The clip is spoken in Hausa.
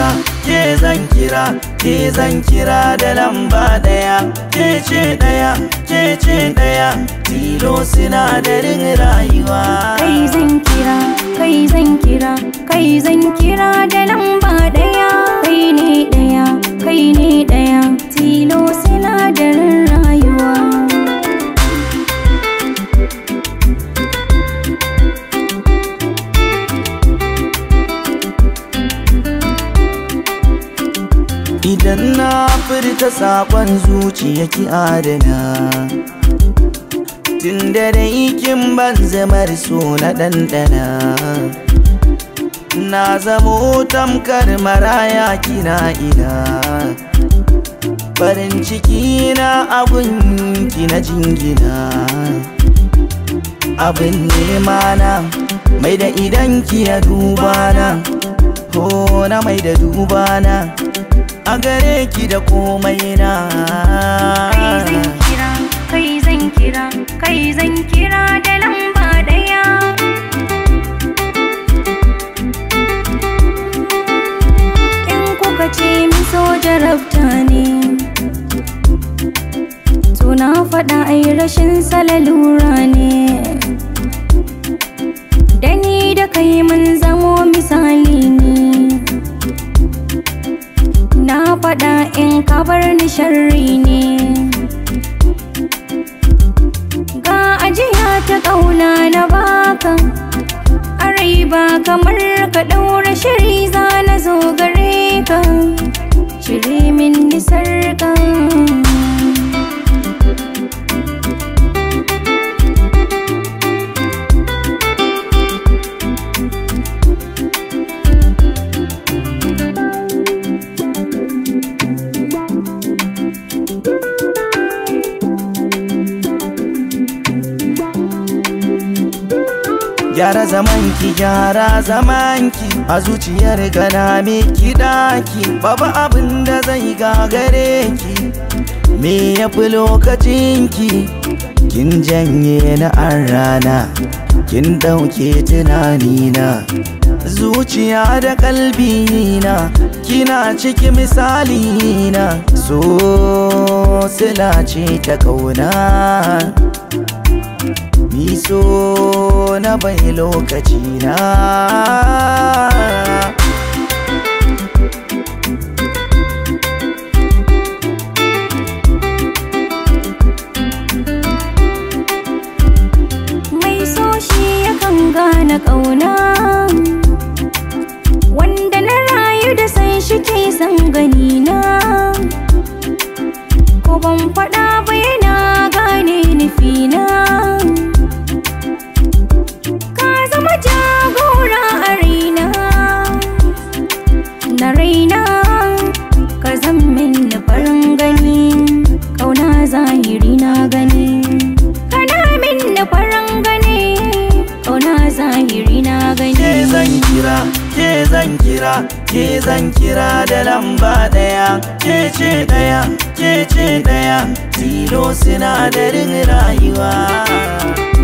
kira ke zan kira ke zan kira da lamba daya ke ce daya ke ce daya tilo sinadarin rayuwa Idan na furta sakon zuciya adana Tun da kin ban zamar so na ɗanɗana Na zamo tamkar maraya kina ina Farin ciki na abin ki na jingina abin nema na mai da idan ki ya duba na ko na mai da dubana a gare ki da komai na kai zan kira kai zan kira da lamba daya in kuka ce mi so jarabta ne to na faɗa ai rashin salalura ne da ni da kai mun sirri ga ajiya ta ƙauna na baka arai ba kamar Gyara zaman ki gyara zaman ki a zuciyar gana me ki daki babu abin da zai gagare ki me ya fi lokacin ki kin janye na an rana kin ɗauke tunanina zuciya da kalbi kina ciki misali na so sila ce ta kauna ni so na bai lokacina. zan kira ke zan kira da lamba daya ke ce daya ke ce daya tilo sinadarin rayuwa